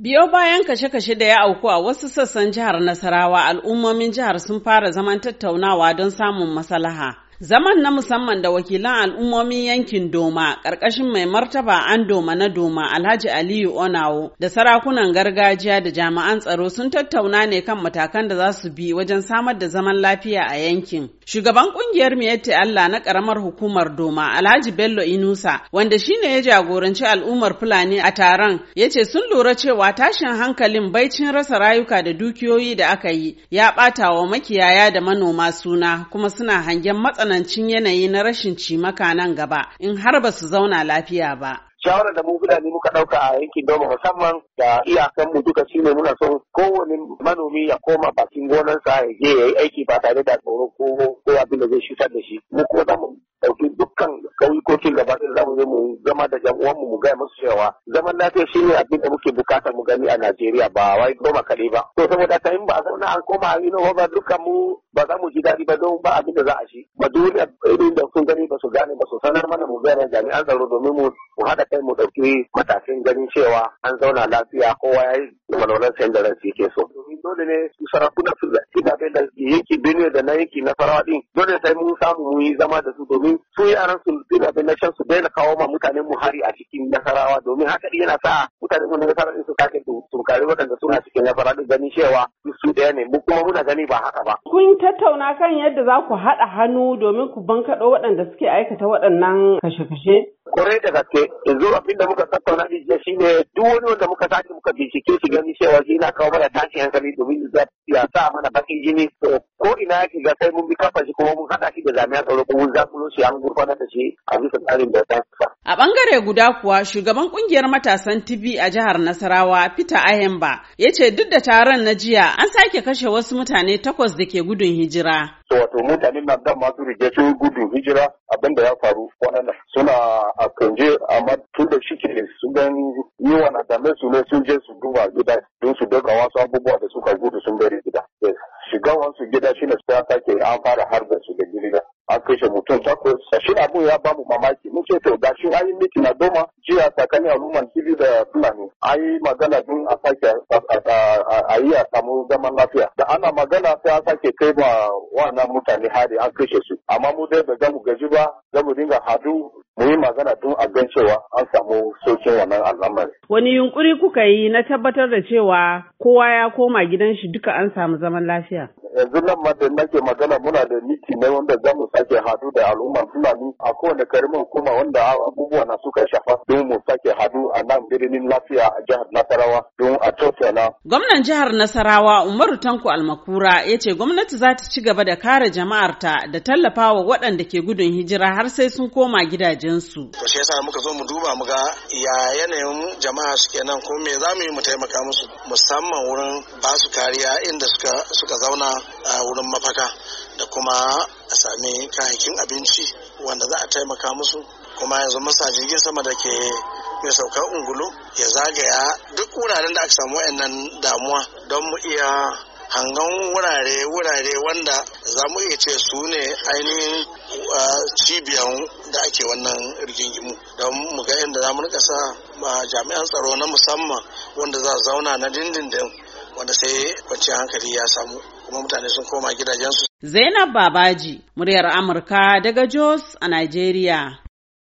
Biyo bayan kashe-kashe da ya auku a wasu sassan jihar Nasarawa al'ummomin jihar sun fara zaman tattaunawa don samun maslaha. Zaman na musamman da wakilan al'ummomin yankin Doma ƙarƙashin mai martaba an Doma na Doma Alhaji Aliyu Onawo da sarakunan gargajiya da jami'an tsaro sun tattauna ne kan matakan da za su bi wajen samar da zaman lafiya a yankin. Shugaban ƙungiyar Miyetti Allah na ƙaramar hukumar Doma Alhaji Bello Inusa wanda shine ya jagoranci al'ummar Fulani a taron ya ce sun lura cewa tashin hankalin baicin rasa rayuka da dukiyoyi da aka yi ya ɓata wa makiyaya da manoma suna kuma suna hangen matsan matsanancin yanayi na rashin cimaka nan gaba in har ba su zauna lafiya ba. shawarar da mu fulani muka ɗauka a yankin doma musamman da iyakan mu duka shine muna son kowane manomi ya koma bakin gonarsa ya je ya yi aiki ba tare da tsoro ko ko abin da zai shutar da shi mu ko zamu dauki dukkan kauyukokin gaba ɗaya zamu je mu zama da jam'uwan mu mu gaya musu cewa zaman lafiya shine abin da muke bukata mu gani a Najeriya ba wai goma kaɗai ba to saboda ta in ba a zauna an koma yi ba dukkan mu ba za mu ji daɗi ba don ba abin da za a ci ba dole irin da sun gani ba su gane ba su sanar mana mu gane jami'an tsaro domin mu mu haɗa kai mu ɗauki matakin ganin cewa an zauna lafiya kowa ya yi walwalar sayan da ransu yake so. dole ne su sarakuna su zaci da da yake Benue da na yanki na Farawa din dole sai mun samu mu yi zama da su domin su yaran su dina da shan su daina kawo ma mutanen mu hari a cikin Nasarawa domin haka yana sa mutane mu na Nasarawa su kake tunkari waɗanda suna cikin Nasarawa din ganin cewa su ɗaya ne mu kuma muna gani ba haka ba. tattauna kan yadda za ku haɗa hannu domin ku bankaɗo waɗanda suke aikata waɗannan kashe-kashe? Kwarai da gaske, yanzu abin da muka tattauna da shi ne duk wani wanda muka sake muka bincike shi gani cewa shi na kawo mana tashin hankali domin ya sa mana bakin jini. Ko ina ya shiga sai mun bi kafa shi kuma mun haɗa shi da jami'an tsaro kuma mun zaɓi shi an gurfanar da shi a bisa tsarin da ta A bangare guda kuwa shugaban kungiyar matasan TV a jihar Nasarawa Peter Ayemba ya ce duk da taron na jiya an sake kashe wasu mutane takwas da ke gudun hijira. Wato mutane nan dama masu rige su gudun hijira abinda ya faru wannan suna a kanje amma tun da shike su gan yi wani dame su ne sun je su duba gida don su daga wasu abubuwa da suka gudu sun bari gida. Shiga wasu gida shine su ta sake an fara harbin su da gida. kashe mutum takwas shi abu ya bamu mamaki mu ce to ga shi an yi miti na doma jiya tsakanin aluman civil da fulani an yi magana din a sake a a samu zaman lafiya da ana magana sai an sake kai ma wannan mutane hari an kashe su amma mu dai ba za mu gaji ba za mu dinga hadu mu yi magana tun a gan cewa an samu sokin wannan al'amari. Wani yunkuri kuka yi na tabbatar da cewa kowa ya koma gidan shi duka an samu zaman lafiya? Yanzu nan ma da nake magana muna da miti ne wanda zamu sake hadu da al'umma Fulani a kowane karimin hukuma wanda abubuwa na suka shafa. birnin lafiya a jihar Nasarawa don a Gwamnan jihar Nasarawa Umaru Tanko Almakura ya ce gwamnati za ta ci gaba da kare jama'arta da tallafawa waɗanda ke gudun hijira har sai sun koma gidajensu. To shi yasa muka zo mu duba mu ga ya yanayin jama'a suke nan ko me za mu yi mu taimaka musu musamman wurin ba su kariya inda suka suka zauna a wurin mafaka da kuma a sami kayayyakin abinci wanda za a taimaka musu kuma yanzu masa jirgin sama da ke mai saukar ungulu ya zagaya duk wuraren da aka samu wayannan damuwa don mu iya hangan wurare wurare wanda za mu iya ce su ne ainihin cibiyan da ake wannan rigingimu don mu ga inda za mu rika sa jami'an tsaro na musamman wanda za zauna na dindindin wanda sai kwanciyar hankali ya samu kuma mutane sun koma gidajensu. Zainab Babaji, muryar Amurka daga Jos a Najeriya.